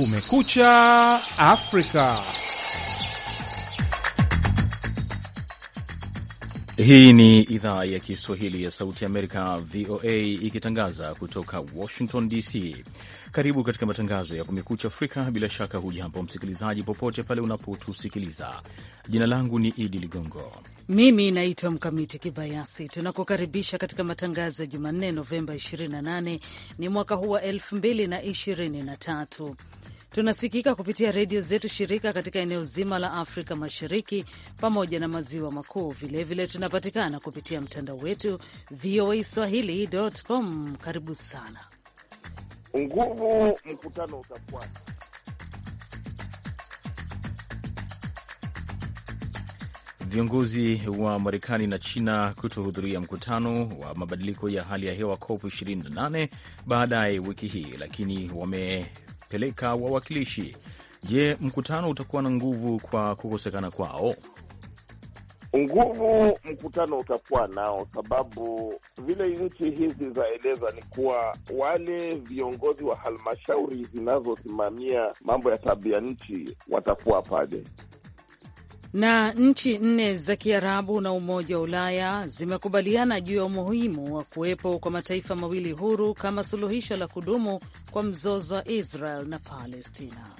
Kumekucha Afrika. Hii ni idhaa ya Kiswahili ya Sauti Amerika, VOA, ikitangaza kutoka Washington DC. Karibu katika matangazo ya Kumekucha Afrika. Bila shaka, hujambo msikilizaji, popote pale unapotusikiliza. Jina langu ni Idi Ligongo, mimi naitwa Mkamiti Kibayasi. Tunakukaribisha katika matangazo ya Jumanne, Novemba 28 ni mwaka huu wa 2023. Tunasikika kupitia redio zetu shirika katika eneo zima la Afrika Mashariki pamoja na maziwa makuu. Vilevile tunapatikana kupitia mtandao wetu VOA Swahili.com. Karibu sana. Nguvu mkutano utafuata. Viongozi wa Marekani na China kutohudhuria mkutano wa mabadiliko ya hali ya hewa COP 28 baadaye wiki hii, lakini wame kupeleka wawakilishi. Je, mkutano utakuwa na nguvu kwa kukosekana kwao? Nguvu mkutano utakuwa nao, sababu vile nchi hizi zaeleza ni kuwa wale viongozi wa halmashauri zinazosimamia mambo ya tabia nchi watakuwa pale. Na nchi nne za Kiarabu na Umoja wa Ulaya zimekubaliana juu ya umuhimu wa kuwepo kwa mataifa mawili huru kama suluhisho la kudumu kwa mzozo wa Israel na Palestina.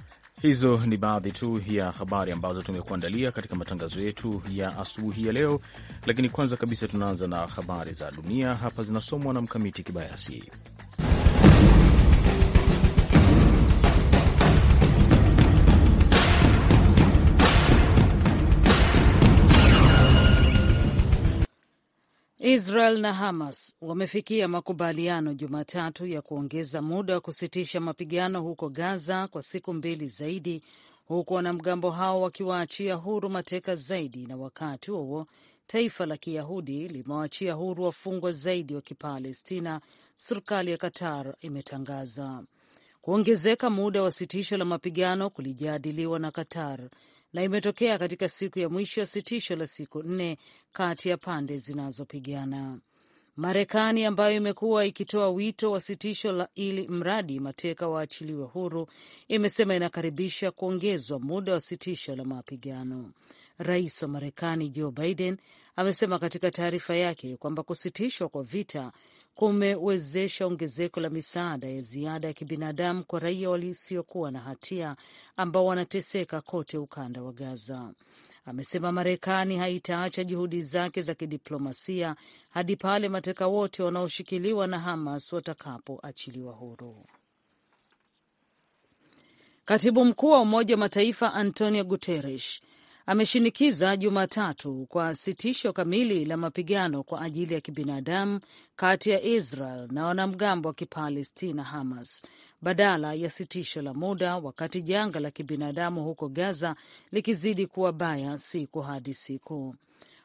Hizo ni baadhi tu ya habari ambazo tumekuandalia katika matangazo yetu ya asubuhi ya leo, lakini kwanza kabisa tunaanza na habari za dunia. Hapa zinasomwa na Mkamiti Kibayasi. Israel na Hamas wamefikia makubaliano Jumatatu ya kuongeza muda wa kusitisha mapigano huko Gaza kwa siku mbili zaidi, huku wanamgambo hao wakiwaachia huru mateka zaidi, na wakati huo taifa la Kiyahudi limewaachia huru wafungwa zaidi wa Kipalestina, serikali ya Qatar imetangaza. Kuongezeka muda wa sitisho la mapigano kulijadiliwa na Qatar na imetokea katika siku ya mwisho ya sitisho la siku nne kati ya pande zinazopigana. Marekani ambayo imekuwa ikitoa wito wa sitisho la ili mradi mateka waachiliwe huru, imesema inakaribisha kuongezwa muda wa sitisho la mapigano. Rais wa Marekani Joe Biden amesema katika taarifa yake kwamba kusitishwa kwa vita kumewezesha ongezeko la misaada ya ziada ya kibinadamu kwa raia walisiokuwa na hatia ambao wanateseka kote ukanda wa Gaza. Amesema Marekani haitaacha juhudi zake za kidiplomasia hadi pale mateka wote wanaoshikiliwa na Hamas watakapoachiliwa huru. Katibu mkuu wa Umoja wa Mataifa Antonio Guterres ameshinikiza Jumatatu kwa sitisho kamili la mapigano kwa ajili ya kibinadamu kati ya Israel na wanamgambo wa Kipalestina Hamas badala ya sitisho la muda, wakati janga la kibinadamu huko Gaza likizidi kuwa baya siku hadi siku.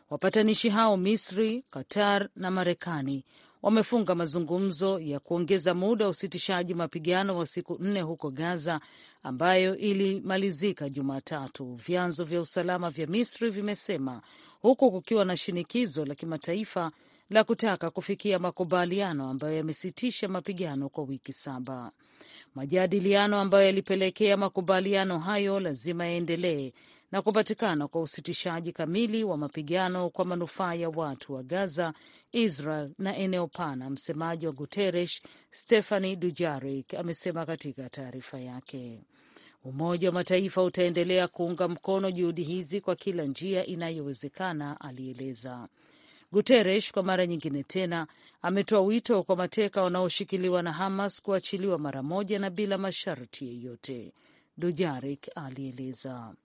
Wapatanishi hao Misri, Qatar na Marekani wamefunga mazungumzo ya kuongeza muda wa usitishaji mapigano wa siku nne huko Gaza ambayo ilimalizika Jumatatu, vyanzo vya usalama vya Misri vimesema, huku kukiwa na shinikizo la kimataifa la kutaka kufikia makubaliano ambayo yamesitisha mapigano kwa wiki saba. Majadiliano ambayo yalipelekea makubaliano hayo lazima yaendelee na kupatikana kwa usitishaji kamili wa mapigano kwa manufaa ya watu wa Gaza, Israel na eneo pana, msemaji wa Guterres Stephani Dujarik amesema katika taarifa yake. Umoja wa Mataifa utaendelea kuunga mkono juhudi hizi kwa kila njia inayowezekana, alieleza Guterres. Kwa mara nyingine tena ametoa wito kwa mateka wanaoshikiliwa na Hamas kuachiliwa mara moja na bila masharti yeyote, Dujarik alieleza.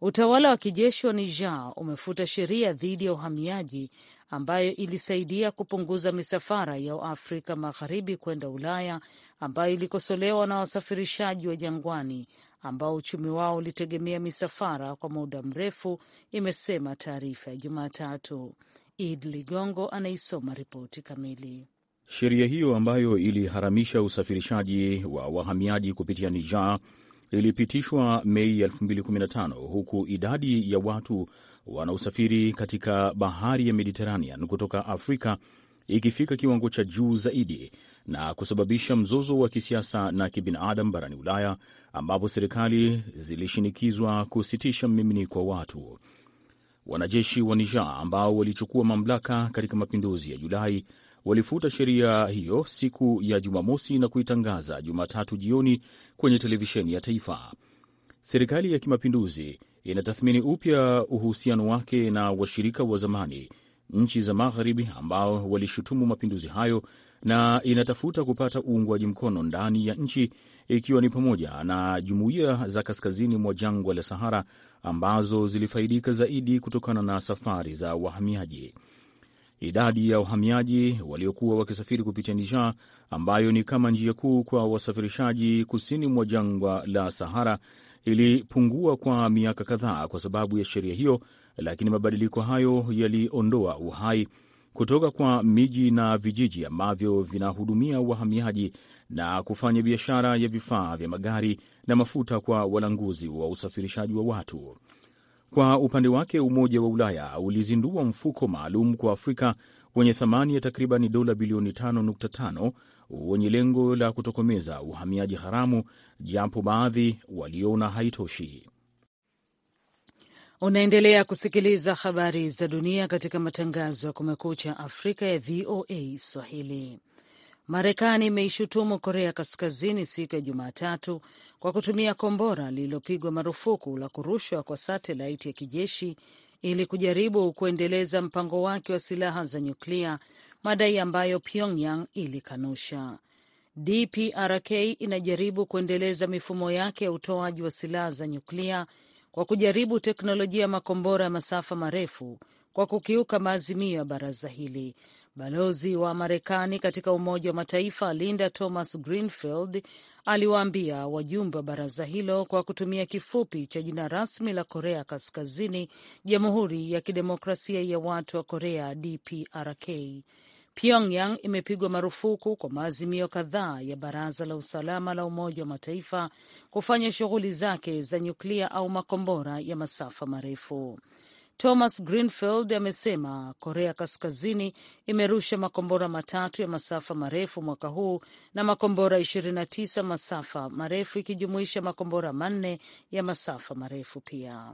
Utawala wa kijeshi wa Niger umefuta sheria dhidi ya uhamiaji ambayo ilisaidia kupunguza misafara ya Afrika Magharibi kwenda Ulaya, ambayo ilikosolewa na wasafirishaji wa jangwani ambao uchumi wao ulitegemea misafara kwa muda mrefu, imesema taarifa ya Jumatatu. Id Ligongo anaisoma ripoti kamili. Sheria hiyo ambayo iliharamisha usafirishaji wa wahamiaji kupitia Niger ilipitishwa Mei 2015 huku idadi ya watu wanaosafiri katika bahari ya Mediterranean kutoka Afrika ikifika kiwango cha juu zaidi na kusababisha mzozo wa kisiasa na kibinadamu barani Ulaya, ambapo serikali zilishinikizwa kusitisha mmiminiko wa watu. Wanajeshi wa Niger ambao walichukua mamlaka katika mapinduzi ya Julai walifuta sheria hiyo siku ya Jumamosi na kuitangaza Jumatatu jioni kwenye televisheni ya taifa. Serikali ya Kimapinduzi inatathmini upya uhusiano wake na washirika wa zamani, nchi za Magharibi, ambao walishutumu mapinduzi hayo na inatafuta kupata uungwaji mkono ndani ya nchi ikiwa ni pamoja na jumuiya za kaskazini mwa jangwa la Sahara ambazo zilifaidika zaidi kutokana na safari za wahamiaji idadi ya wahamiaji waliokuwa wakisafiri kupitia Niger, ambayo ni kama njia kuu kwa wasafirishaji kusini mwa jangwa la Sahara, ilipungua kwa miaka kadhaa kwa sababu ya sheria hiyo, lakini mabadiliko hayo yaliondoa uhai kutoka kwa miji na vijiji ambavyo vinahudumia wahamiaji na kufanya biashara ya vifaa vya magari na mafuta kwa walanguzi wa usafirishaji wa watu. Kwa upande wake, Umoja wa Ulaya ulizindua mfuko maalum kwa Afrika wenye thamani ya takriban dola bilioni 5.5 wenye lengo la kutokomeza uhamiaji haramu, japo baadhi waliona haitoshi. Unaendelea kusikiliza habari za dunia katika matangazo ya Kumekucha Afrika ya VOA Swahili. Marekani imeishutumu Korea Kaskazini siku ya Jumatatu kwa kutumia kombora lililopigwa marufuku la kurushwa kwa satelaiti ya kijeshi ili kujaribu kuendeleza mpango wake wa silaha za nyuklia, madai ambayo Pyongyang ilikanusha. DPRK inajaribu kuendeleza mifumo yake ya utoaji wa silaha za nyuklia kwa kujaribu teknolojia ya makombora ya masafa marefu kwa kukiuka maazimio ya baraza hili Balozi wa Marekani katika Umoja wa Mataifa Linda Thomas Greenfield aliwaambia wajumbe wa baraza hilo kwa kutumia kifupi cha jina rasmi la Korea Kaskazini, Jamhuri ya Kidemokrasia ya Watu wa Korea, DPRK. Pyongyang imepigwa marufuku kwa maazimio kadhaa ya Baraza la Usalama la Umoja wa Mataifa kufanya shughuli zake za nyuklia au makombora ya masafa marefu. Thomas Greenfield amesema Korea Kaskazini imerusha makombora matatu ya masafa marefu mwaka huu na makombora 29 masafa marefu ikijumuisha makombora manne ya masafa marefu pia.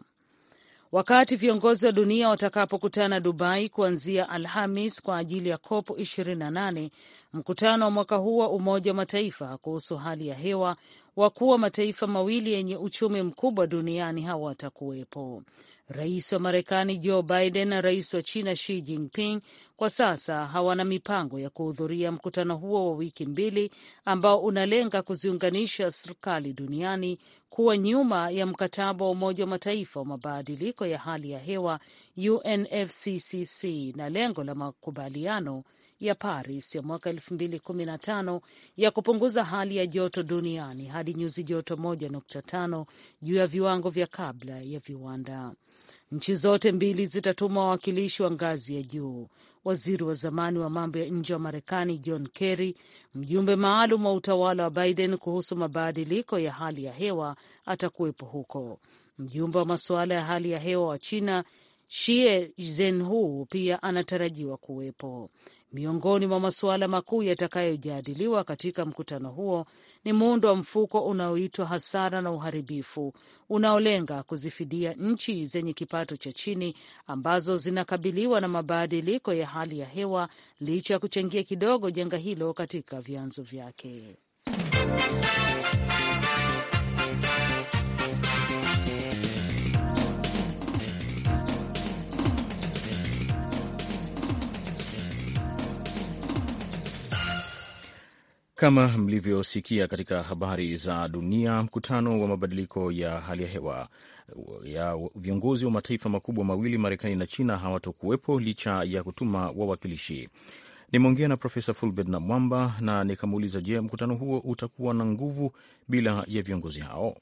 Wakati viongozi wa dunia watakapokutana Dubai kuanzia Alhamis kwa ajili ya COP 28, mkutano wa mwaka huu wa Umoja wa Mataifa kuhusu hali ya hewa, wakuu wa mataifa mawili yenye uchumi mkubwa duniani hawatakuwepo. Rais wa Marekani Joe Biden na rais wa China Xi Jinping kwa sasa hawana mipango ya kuhudhuria mkutano huo wa wiki mbili ambao unalenga kuziunganisha serikali duniani kuwa nyuma ya mkataba wa Umoja wa Mataifa wa mabadiliko ya hali ya hewa UNFCCC na lengo la makubaliano ya Paris ya mwaka 2015 ya kupunguza hali ya joto duniani hadi nyuzi joto 1.5 juu ya viwango vya kabla ya viwanda. Nchi zote mbili zitatuma wawakilishi wa ngazi ya juu. Waziri wa zamani wa mambo ya nje wa Marekani John Kerry, mjumbe maalum wa utawala wa Biden kuhusu mabadiliko ya hali ya hewa, atakuwepo huko. Mjumbe wa masuala ya hali ya hewa wa China shie Zhenhu pia anatarajiwa kuwepo. Miongoni mwa masuala makuu yatakayojadiliwa katika mkutano huo ni muundo wa mfuko unaoitwa hasara na uharibifu, unaolenga kuzifidia nchi zenye kipato cha chini ambazo zinakabiliwa na mabadiliko ya hali ya hewa, licha ya kuchangia kidogo janga hilo katika vyanzo vyake. Kama mlivyosikia katika habari za dunia, mkutano wa mabadiliko ya hali ya hewa ya viongozi wa mataifa makubwa mawili Marekani na China hawatokuwepo licha ya kutuma wawakilishi. Nimeongea na Profesa Fulbert Namwamba na nikamuuliza, je, mkutano huo utakuwa na nguvu bila ya viongozi hao?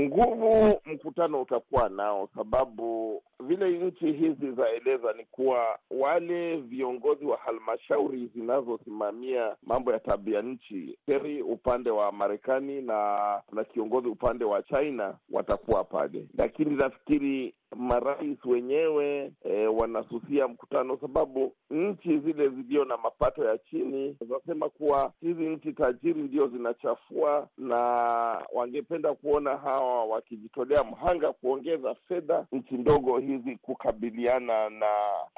nguvu mkutano utakuwa nao, sababu vile nchi hizi zaeleza ni kuwa wale viongozi wa halmashauri zinazosimamia mambo ya tabia nchi, Kerry upande wa Marekani na na kiongozi upande wa China watakuwa pale, lakini nafikiri marais wenyewe e, wanasusia mkutano, sababu nchi zile zilio na mapato ya chini zinasema kuwa hizi nchi tajiri ndio zinachafua, na wangependa kuona hawa wakijitolea mhanga kuongeza fedha nchi ndogo hizi kukabiliana na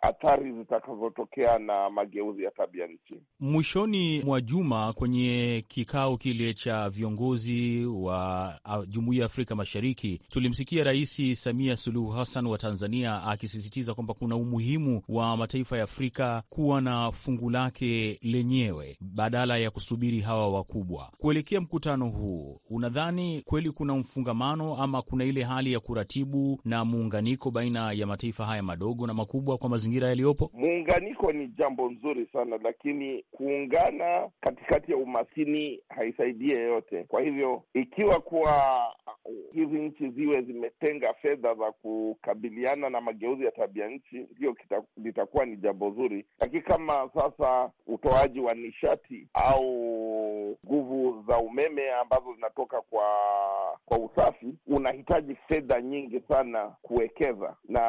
athari zitakazotokea na mageuzi ya tabia nchi. Mwishoni mwa juma kwenye kikao kile cha viongozi wa ah, Jumuiya ya Afrika Mashariki tulimsikia Rais Samia Suluhu Hassan wa Tanzania akisisitiza kwamba kuna umuhimu wa mataifa ya Afrika kuwa na fungu lake lenyewe badala ya kusubiri hawa wakubwa. Kuelekea mkutano huu, unadhani kweli kuna mfungamano ama kuna ile hali ya kuratibu na muunganiko baina ya mataifa haya madogo na makubwa kwa mazingira yaliyopo? Muunganiko ni jambo nzuri sana, lakini kuungana katikati ya umaskini haisaidii yeyote. Kwa hivyo ikiwa kuwa hizi nchi ziwe zimetenga fedha za ku kukabiliana na mageuzi ya tabia nchi, ndio litakuwa ni jambo zuri, lakini kama sasa utoaji wa nishati au nguvu za umeme ambazo zinatoka kwa kwa usafi unahitaji fedha nyingi sana kuwekeza, na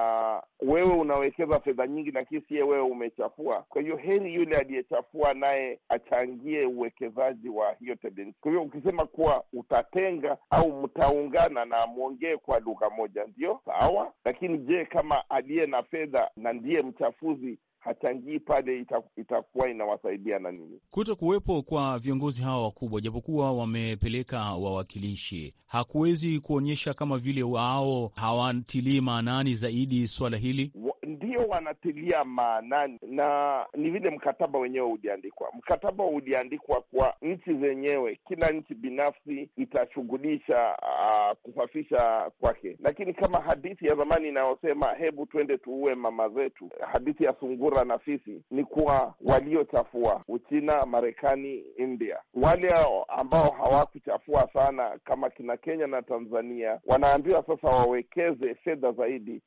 wewe unawekeza fedha nyingi, lakini siye wewe umechafua. Kwa hiyo heri yule aliyechafua naye achangie uwekezaji wa hiyo tabia nchi. Kwa hiyo ukisema kuwa utatenga au mtaungana na mwongee kwa lugha moja, ndio sawa, lakini je, kama aliye na fedha na ndiye mchafuzi hachangii pale, itakuwa inawasaidia na nini? Kuto kuwepo kwa viongozi hawa wakubwa, japokuwa wamepeleka wawakilishi, hakuwezi kuonyesha kama vile wao hawatilii maanani zaidi swala hili ndio wanatilia maanani, na ni vile mkataba wenyewe uliandikwa. Mkataba uliandikwa kwa nchi zenyewe, kila nchi binafsi itashughulisha uh, ah, kusafisha kwake, lakini kama hadithi ya zamani inayosema hebu twende tuue mama zetu, hadithi ya sungura na fisi, ni kuwa waliochafua Uchina, Marekani, India. Wale ambao hawakuchafua sana kama kina Kenya na Tanzania wanaambiwa sasa wawekeze fedha zaidi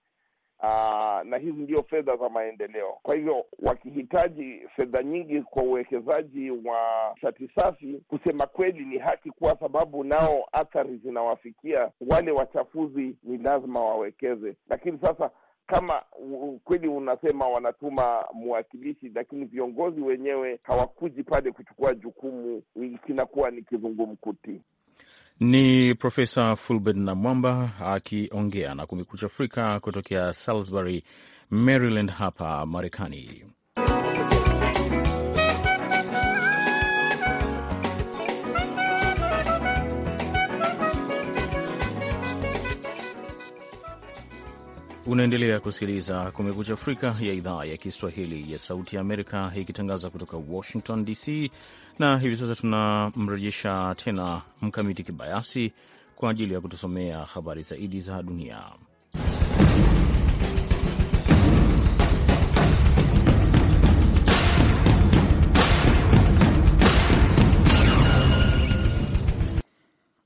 Aa, ah, na hizi ndio fedha za maendeleo. Kwa hivyo wakihitaji fedha nyingi kwa uwekezaji wa shati safi, kusema kweli ni haki, kuwa sababu nao athari zinawafikia wale wachafuzi, ni lazima wawekeze. Lakini sasa kama kweli unasema wanatuma mwakilishi, lakini viongozi wenyewe hawakuji pale kuchukua jukumu, kinakuwa ni kizungumkuti. Ni Profesa Fulbert Namwamba akiongea na Kumekucha Afrika kutokea Salisbury, Maryland, hapa Marekani. Unaendelea kusikiliza Kumekucha Afrika ya idhaa ya Kiswahili ya Sauti ya Amerika ikitangaza kutoka Washington DC, na hivi sasa tunamrejesha tena Mkamiti Kibayasi kwa ajili ya kutusomea habari zaidi za dunia.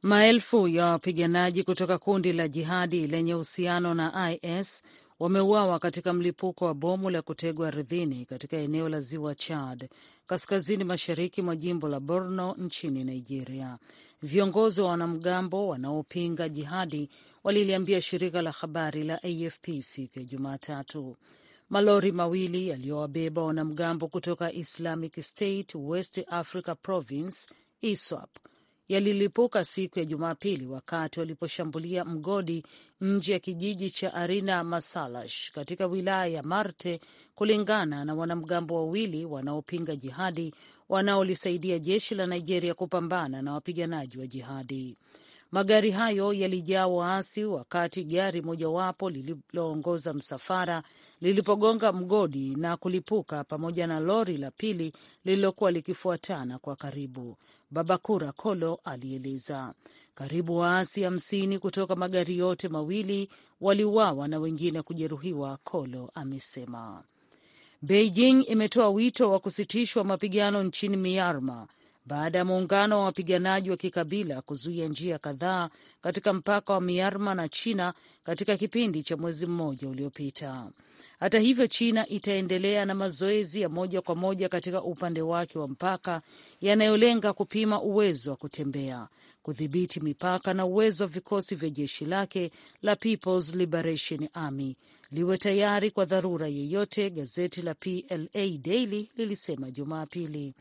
Maelfu ya wapiganaji kutoka kundi la jihadi lenye uhusiano na IS wameuawa katika mlipuko wa bomu la kutegwa ardhini katika eneo la ziwa Chad, kaskazini mashariki mwa jimbo la Borno nchini Nigeria. Viongozi wa wanamgambo wanaopinga jihadi waliliambia shirika la habari la AFP siku ya Jumatatu. Malori mawili yaliyowabeba wanamgambo kutoka Islamic State West Africa Province ISWAP yalilipuka siku ya Jumapili wakati waliposhambulia mgodi nje ya kijiji cha Arina Masalash katika wilaya ya Marte, kulingana na wanamgambo wawili wanaopinga jihadi wanaolisaidia jeshi la Nigeria kupambana na wapiganaji wa jihadi. Magari hayo yalijaa waasi wakati gari mojawapo lililoongoza msafara lilipogonga mgodi na kulipuka pamoja na lori la pili lililokuwa likifuatana kwa karibu. Babakura Kolo alieleza. Karibu waasi hamsini kutoka magari yote mawili waliuawa na wengine kujeruhiwa, Kolo amesema. Beijing imetoa wito wa kusitishwa mapigano nchini Myanmar baada ya muungano wa wapiganaji wa kikabila kuzuia njia kadhaa katika mpaka wa Myanmar na China katika kipindi cha mwezi mmoja uliopita. Hata hivyo, China itaendelea na mazoezi ya moja kwa moja katika upande wake wa mpaka yanayolenga kupima uwezo wa kutembea, kudhibiti mipaka na uwezo wa vikosi vya jeshi lake la People's Liberation Army liwe tayari kwa dharura yeyote, gazeti la PLA Daily lilisema Jumapili.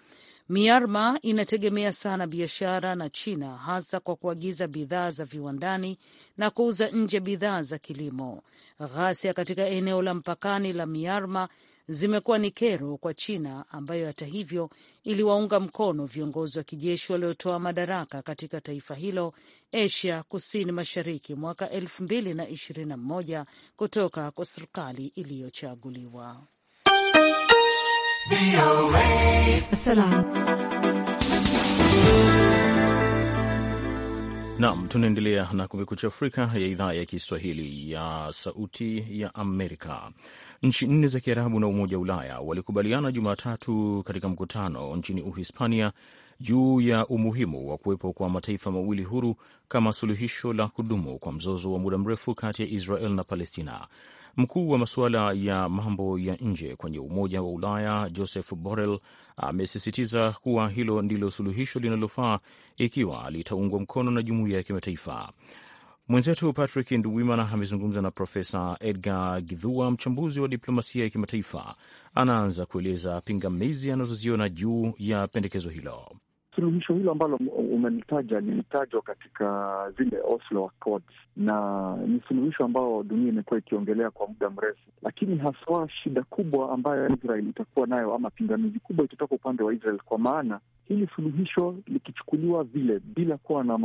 Myanmar inategemea sana biashara na China hasa kwa kuagiza bidhaa za viwandani na kuuza nje bidhaa za kilimo. Ghasia katika eneo la mpakani la Myanmar zimekuwa ni kero kwa China ambayo hata hivyo iliwaunga mkono viongozi wa kijeshi waliotoa madaraka katika taifa hilo Asia Kusini Mashariki mwaka 2021 kutoka kwa serikali iliyochaguliwa nam, tunaendelea na Kumekucha Afrika ya idhaa ya Kiswahili ya Sauti ya Amerika. Nchi nne za Kiarabu na Umoja wa Ulaya walikubaliana Jumatatu katika mkutano nchini Uhispania juu ya umuhimu wa kuwepo kwa mataifa mawili huru kama suluhisho la kudumu kwa mzozo wa muda mrefu kati ya Israel na Palestina. Mkuu wa masuala ya mambo ya nje kwenye Umoja wa Ulaya Joseph Borrell amesisitiza kuwa hilo ndilo suluhisho linalofaa ikiwa litaungwa mkono na jumuiya ya kimataifa. Mwenzetu Patrick Nduwimana amezungumza na Profesa Edgar gidhua mchambuzi wa diplomasia ya kimataifa. Anaanza kueleza pingamizi anazoziona juu ya pendekezo hilo. Suluhisho hilo ambalo umelitaja lilitajwa katika zile Oslo Accords, na ni suluhisho ambao dunia imekuwa ikiongelea kwa muda mrefu, lakini haswa shida kubwa ambayo Israel itakuwa nayo ama pingamizi kubwa itatoka upande wa Israel, kwa maana hili suluhisho likichukuliwa vile bila kuwa na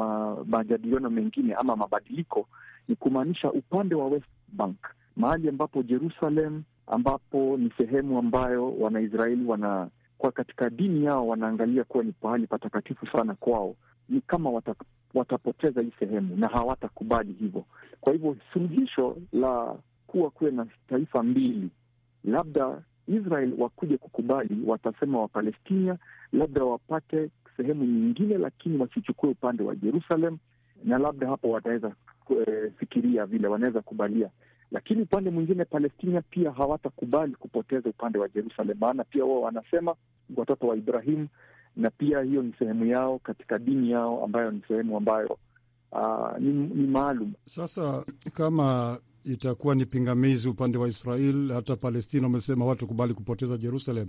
majadiliano mengine ama mabadiliko, ni kumaanisha upande wa West Bank, mahali ambapo Jerusalem, ambapo ni sehemu ambayo Wanaisraeli wana kwa katika dini yao wanaangalia kuwa ni pahali patakatifu sana kwao, ni kama wata, watapoteza hii sehemu na hawatakubali hivyo. Kwa hivyo suluhisho la kuwa kuwe na taifa mbili, labda Israel wakuje kukubali, watasema Wapalestina labda wapate sehemu nyingine, lakini wasichukue upande wa Jerusalem, na labda hapo wataweza eh, fikiria vile wanaweza kubalia lakini upande mwingine Palestina pia hawatakubali kupoteza upande wa Jerusalem, maana pia wao wanasema watoto wa Ibrahimu, na pia hiyo ni sehemu yao katika dini yao ambayo ni sehemu ambayo uh, ni, ni maalum. Sasa kama itakuwa ni pingamizi upande wa Israel, hata Palestina wamesema kubali kupoteza Jerusalem.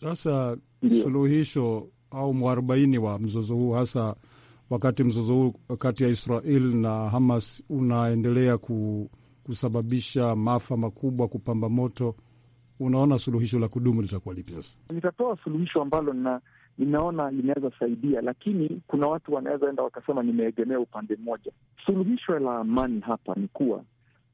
Sasa yeah, suluhisho au mwarobaini wa mzozo huu hasa wakati mzozo huu kati ya Israel na Hamas unaendelea ku, kusababisha maafa makubwa, kupamba moto unaona suluhisho la kudumu litakuwa lipi? Sasa nitatoa suluhisho ambalo nina, ninaona linaweza saidia, lakini kuna watu wanaweza enda wakasema nimeegemea upande mmoja. Suluhisho la amani hapa ni kuwa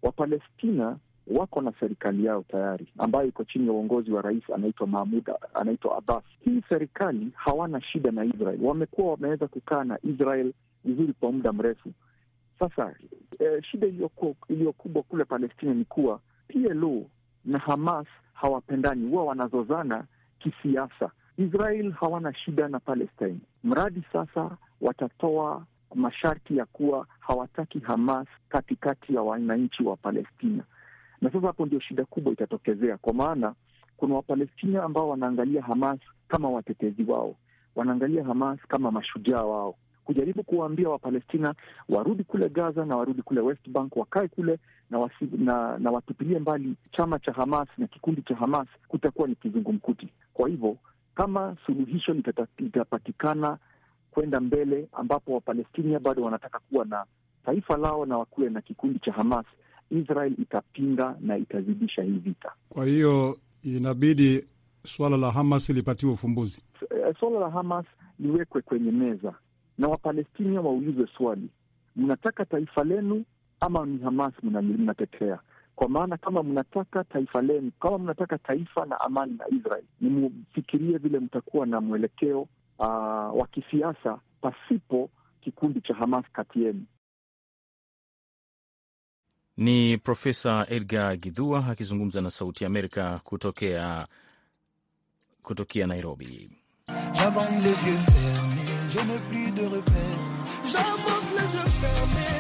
Wapalestina wako na serikali yao tayari ambayo iko chini ya uongozi wa rais anaitwa Mahmud, anaitwa Abbas. Hii serikali hawana shida na Israel, wamekuwa wameweza kukaa na Israel vizuri kwa muda mrefu sasa. Eh, shida iliyo kubwa kule Palestina ni kuwa PLO na Hamas hawapendani, huwa wanazozana kisiasa. Israel hawana shida na Palestine, mradi sasa watatoa masharti ya kuwa hawataki Hamas katikati ya wananchi wa Palestina. Na sasa hapo ndio shida kubwa itatokezea, kwa maana kuna Wapalestina ambao wanaangalia Hamas kama watetezi wao, wanaangalia Hamas kama mashujaa wao, kujaribu kuwaambia Wapalestina warudi kule Gaza na warudi kule West Bank, wakae kule na, wasi, na, na watupilie mbali chama cha Hamas na kikundi cha Hamas, kutakuwa ni kizungumkuti. Kwa hivyo kama suluhisho litapatikana kwenda mbele, ambapo Wapalestinia bado wanataka kuwa na taifa lao na wakuwe na kikundi cha Hamas, Israel itapinga na itazidisha hii vita. Kwa hiyo inabidi suala la Hamas lipatiwe ufumbuzi, suala eh, la Hamas liwekwe kwenye meza na Wapalestina waulizwe swali, mnataka taifa lenu ama ni Hamas mnatetea? Kwa maana kama mnataka taifa lenu, kama mnataka taifa na amani na Israel, nimfikirie vile mtakuwa na mwelekeo uh, wa kisiasa pasipo kikundi cha Hamas kati yenu. Ni Profesa Edgar Gidhua akizungumza na Sauti ya Amerika kutokea kutokea Nairobi. J'abandonne les yeux fermés, je n'ai plus de repère J'abandonne les yeux fermés.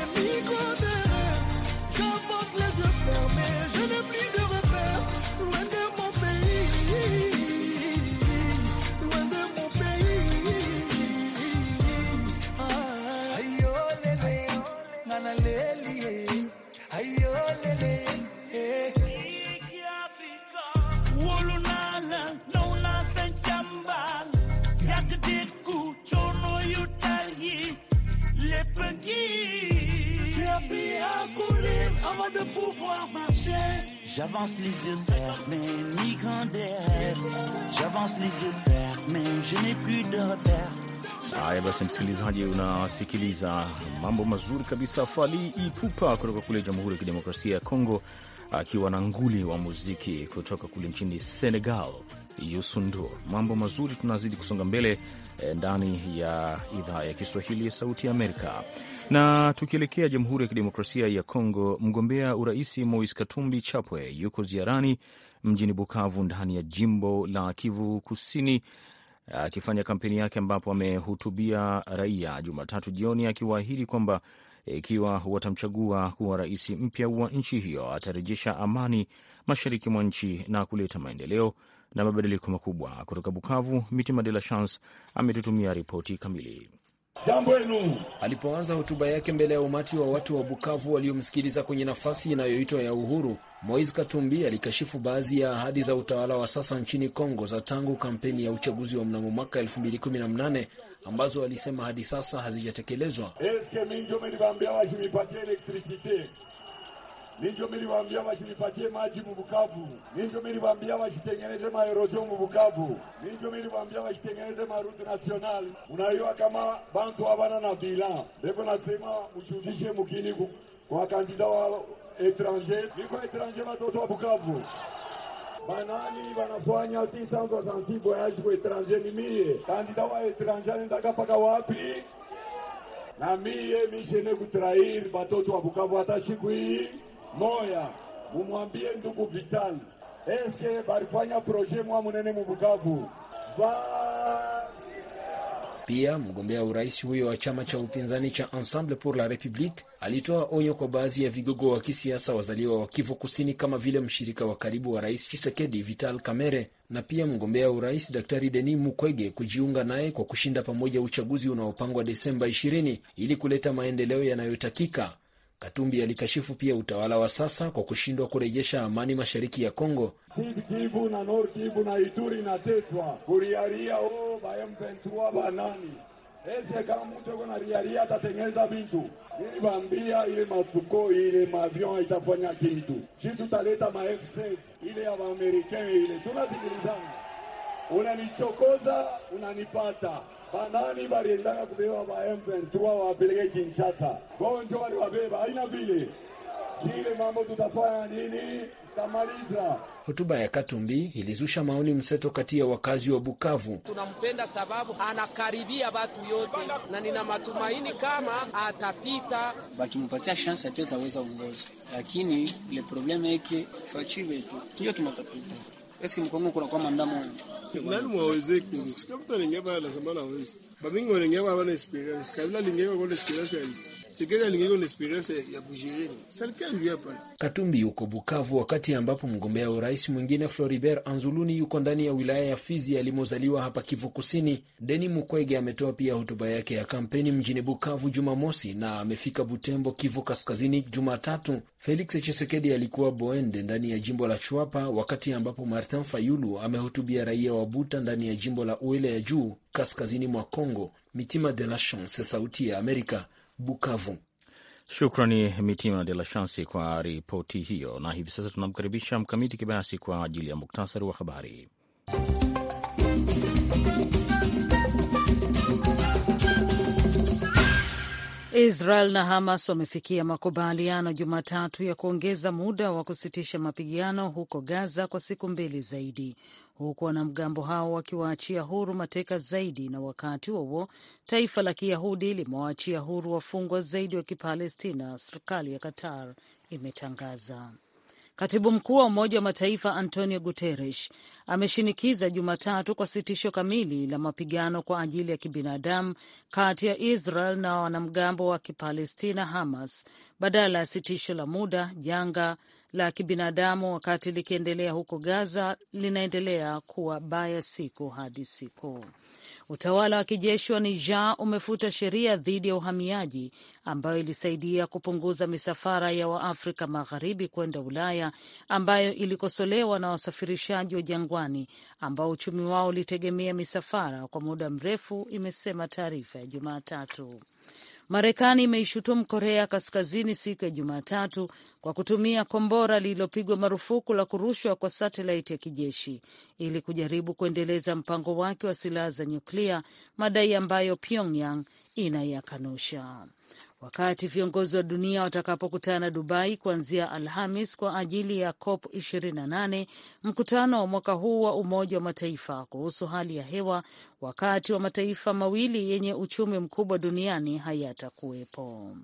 J'avance les yeux fermés, ni grand J'avance les yeux fermés, je n'ai plus de repères. Haya basi, msikilizaji, unasikiliza mambo mazuri kabisa. fali Ipupa kutoka kule Jamhuri ya Kidemokrasia ya Kongo, akiwa na nguli wa muziki kutoka kule nchini Senegal, Yusundu. Mambo mazuri, tunazidi kusonga mbele eh, ndani ya idhaa ya Kiswahili ya Sauti ya Amerika. Na tukielekea Jamhuri ya Kidemokrasia ya Kongo, mgombea uraisi Moise Katumbi Chapwe yuko ziarani mjini Bukavu ndani ya jimbo la Kivu Kusini akifanya kampeni yake, ambapo amehutubia raia Jumatatu jioni akiwaahidi kwamba ikiwa watamchagua kuwa rais mpya wa nchi hiyo atarejesha amani mashariki mwa nchi na kuleta maendeleo na mabadiliko makubwa. Kutoka Bukavu, Mitima De La Chance ametutumia ripoti kamili jambo enu Alipoanza hotuba yake mbele ya umati wa watu wa Bukavu waliomsikiliza kwenye nafasi inayoitwa ya uhuru, Moise Katumbi alikashifu baadhi ya ahadi za utawala wa sasa nchini Kongo za tangu kampeni ya uchaguzi wa mnamo mwaka 2018 ambazo alisema hadi sasa hazijatekelezwa. Ninjo miliwaambia wasinipatie maji Mubukavu. Ninjo miliwaambia wasitengeneze maerosion Mubukavu. Ninjo miliwaambia wasitengeneze maruti national. Unaiwa kama bantu habana na bila beko, nasema mushujishe mukini kwa kandida wa etranger, niko etranger, watoto wa Bukavu banani si wanafanya 666 voyage kwa etranger. Ni mie kandida wa etranger, nendaka paka wapi? na mie mishene kutrair batoto wa Bukavu hata siku hii moya mumwambie ndugu Vital eske barifanya proje mwa munene mubukavu ba... Pia mgombea urais huyo wa chama cha upinzani cha Ensemble pour la Republique alitoa onyo kwa baadhi ya vigogo wa kisiasa wazaliwa wa Kivu Kusini kama vile mshirika wa karibu wa rais chisekedi Vital Kamerhe na pia mgombea urais Daktari Denis Mukwege kujiunga naye kwa kushinda pamoja uchaguzi unaopangwa Desemba 20 ili kuleta maendeleo yanayotakika. Katumbi alikashifu pia utawala wa sasa kwa kushindwa kurejesha amani mashariki ya Kongo. sud Kivu na Nord Kivu na Ituri inateswa kuriaria o bayemventua banani ese kama mtu ako na riaria atatengeneza vitu ili bambia ile masuko ile maavyon itafanya kitu si tutaleta ma F-16 ile ya Waamerikani ile tunasikilizana unanichokoza unanipata Banani bariendaka kubewa ba M23 wawapeleke Kinshasa, bonjo waliwabeba aina vile zile mambo tutafanya nini? tamaliza Hotuba ya Katumbi ilizusha maoni mseto kati ya wakazi wa Bukavu. Tunampenda sababu anakaribia watu yote, na nina matumaini kama atapita, bakimpatia shansi ataweza weza uongozi, lakini ile probleme yake fachiwe tu hiyo tunatafuta Eski Mkongo kuna kwa mandamo wewe. Nani mwawezeki? Sikia mtu aningeba lazima na hawezi. Babingi waningeba wana experience. Kabila lingeba kwa experience ya Katumbi yuko Bukavu wakati ambapo mgombea wa urais mwingine Floribert Anzuluni yuko ndani ya wilaya ya Fizi alimozaliwa hapa Kivu Kusini. Deni Mukwege ametoa pia hotuba yake ya kampeni mjini Bukavu Jumamosi na amefika Butembo, Kivu Kaskazini Jumatatu. Felix chisekedi alikuwa Boende ndani ya jimbo la Chwapa wakati ambapo Martin Fayulu amehutubia raia wa Buta ndani ya jimbo la Uele ya juu kaskazini mwa congo Mitima de la Chance, Sauti ya Amerika, Bukavu. Shukrani Mitima de la Chance kwa ripoti hiyo, na hivi sasa tunamkaribisha Mkamiti Kibayasi kwa ajili ya muktasari wa habari. Israel na Hamas wamefikia makubaliano Jumatatu ya kuongeza muda wa kusitisha mapigano huko Gaza kwa siku mbili zaidi, huku wanamgambo hao wakiwaachia huru mateka zaidi, na wakati huo taifa la Kiyahudi limewaachia huru wafungwa zaidi wa Kipalestina, serikali ya Qatar imetangaza. Katibu mkuu wa Umoja wa Mataifa Antonio Guterres ameshinikiza Jumatatu kwa sitisho kamili la mapigano kwa ajili ya kibinadamu kati ya Israel na wanamgambo wa Kipalestina Hamas badala ya sitisho la muda. Janga la kibinadamu wakati likiendelea huko Gaza linaendelea kuwa baya siku hadi siku. Utawala wa kijeshi wa Niger umefuta sheria dhidi ya uhamiaji ambayo ilisaidia kupunguza misafara ya Waafrika Magharibi kwenda Ulaya, ambayo ilikosolewa na wasafirishaji wa jangwani ambao uchumi wao ulitegemea misafara kwa muda mrefu, imesema taarifa ya Jumatatu. Marekani imeishutumu Korea Kaskazini siku ya Jumatatu kwa kutumia kombora lililopigwa marufuku la kurushwa kwa satelaiti ya kijeshi ili kujaribu kuendeleza mpango wake wa silaha za nyuklia, madai ambayo Pyongyang inayakanusha wakati viongozi wa dunia watakapokutana Dubai kuanzia Alhamis kwa ajili ya COP 28, mkutano wa mwaka huu wa Umoja wa Mataifa kuhusu hali ya hewa, wakati wa mataifa mawili yenye uchumi mkubwa duniani hayatakuwepo.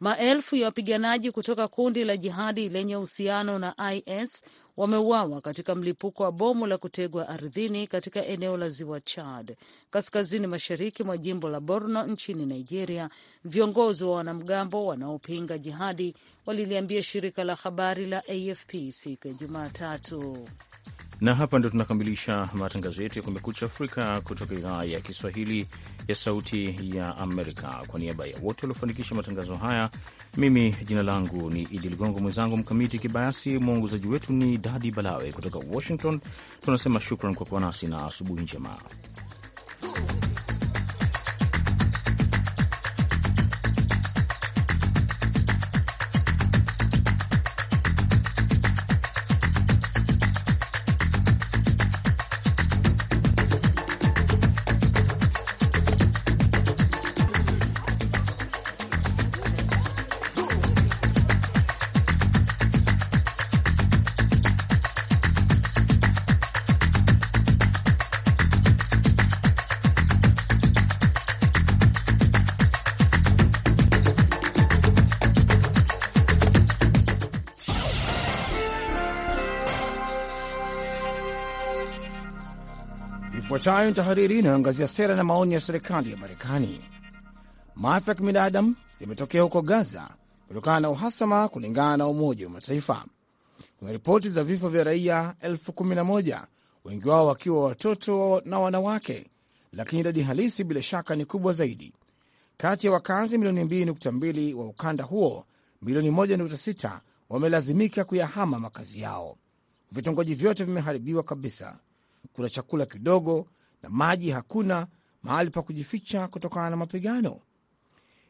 Maelfu ya wapiganaji kutoka kundi la jihadi lenye uhusiano na IS wameuawa katika mlipuko wa bomu la kutegwa ardhini katika eneo la ziwa Chad, kaskazini mashariki mwa jimbo la Borno nchini Nigeria. Viongozi wa wanamgambo wanaopinga jihadi waliliambia shirika la habari la AFP siku ya Jumatatu. Na hapa ndio tunakamilisha matangazo yetu ya Kumekucha Afrika kutoka idhaa ya Kiswahili ya Sauti ya Amerika. Kwa niaba ya wote waliofanikisha matangazo haya, mimi jina langu ni Idi Ligongo, mwenzangu Mkamiti Kibayasi, mwongozaji wetu ni Dadi Balawe kutoka Washington. Tunasema shukran kwa kuwa nasi na asubuhi njema. Ifuatayo ni tahariri inayoangazia sera na maoni ya serikali ya Marekani. Maafa ya kibinadamu yametokea huko Gaza kutokana na uhasama, kulingana na Umoja wa Mataifa. Kuna ripoti za vifo vya raia elfu kumi na moja, wengi wao wakiwa watoto na wanawake, lakini idadi halisi bila shaka ni kubwa zaidi. Kati ya wakazi milioni 2.2 wa ukanda huo, milioni 1.6 wamelazimika kuyahama makazi yao. Vitongoji vyote vimeharibiwa kabisa kuna chakula kidogo na maji hakuna, mahali pa kujificha kutokana na mapigano.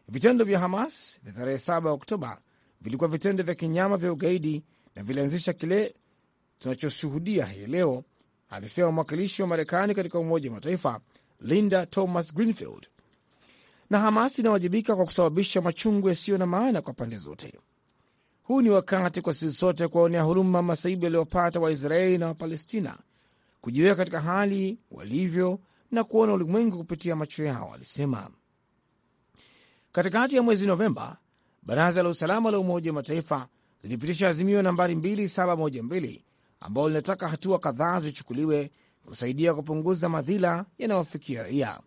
Vitendo vya Hamas vya tarehe 7 Oktoba vilikuwa vitendo vya kinyama vya ugaidi na vilianzisha kile tunachoshuhudia hii leo, alisema mwakilishi wa Marekani katika Umoja wa Mataifa Linda Thomas Greenfield. Na Hamas inawajibika kwa kusababisha machungu yasiyo na maana kwa pande zote. Huu ni wakati kwa sisi sote kuwaonea huruma masaibu yaliyopata Waisraeli na Wapalestina kujiweka katika hali walivyo na kuona ulimwengu kupitia macho yao, alisema. Katikati ya mwezi Novemba, baraza la usalama la Umoja wa Mataifa lilipitisha azimio nambari 2712 ambalo linataka hatua kadhaa zichukuliwe kusaidia kupunguza madhila yanayofikia raia.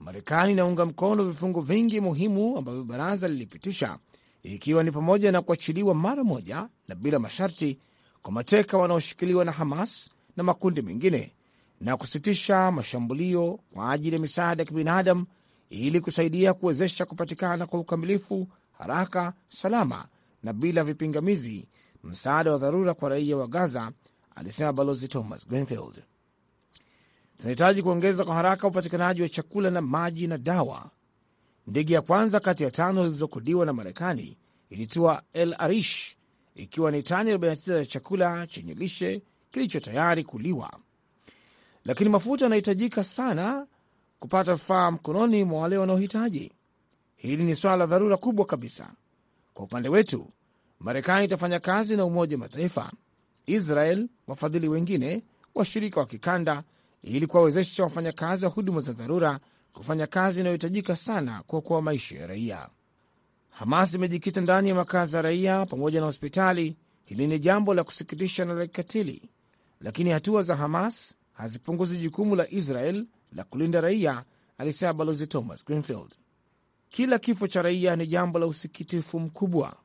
Marekani inaunga mkono vifungo vingi muhimu ambavyo baraza lilipitisha, ikiwa ni pamoja na kuachiliwa mara moja na bila masharti kwa mateka wanaoshikiliwa na Hamas na makundi mengine na kusitisha mashambulio kwa ajili ya misaada ya kibinadamu ili kusaidia kuwezesha kupatikana kwa ukamilifu, haraka, salama na bila vipingamizi msaada wa dharura kwa raia wa Gaza, alisema Balozi Thomas Greenfield. Tunahitaji kuongeza kwa haraka upatikanaji wa chakula na maji na dawa. Ndege ya kwanza kati ya tano zilizokodiwa na Marekani ilitua El Arish ikiwa ni tani 49 za chakula chenye lishe kilicho tayari kuliwa, lakini mafuta yanahitajika sana kupata vifaa mkononi mwa wale wanaohitaji. Hili ni swala la dharura kubwa kabisa. Kwa upande wetu, Marekani itafanya kazi na Umoja wa Mataifa, Israel, wafadhili wengine, washirika wa kikanda, ili kuwawezesha wafanyakazi wa huduma za dharura kufanya kazi inayohitajika sana kuokoa maisha ya raia. Hamas imejikita ndani ya makazi ya raia pamoja na hospitali. Hili ni jambo la kusikitisha na la kikatili lakini hatua za Hamas hazipunguzi jukumu la Israel la kulinda raia, alisema Balozi Thomas Greenfield. Kila kifo cha raia ni jambo la usikitifu mkubwa,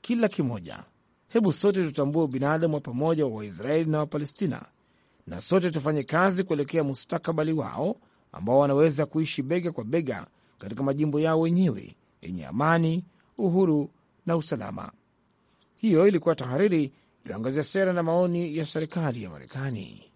kila kimoja. Hebu sote tutambue ubinadamu wa pamoja wa Waisraeli na Wapalestina, na sote tufanye kazi kuelekea mustakabali wao ambao wanaweza kuishi bega kwa bega katika majimbo yao wenyewe yenye amani, uhuru na usalama. Hiyo ilikuwa tahariri tuliangazia sera na maoni ya serikali ya Marekani.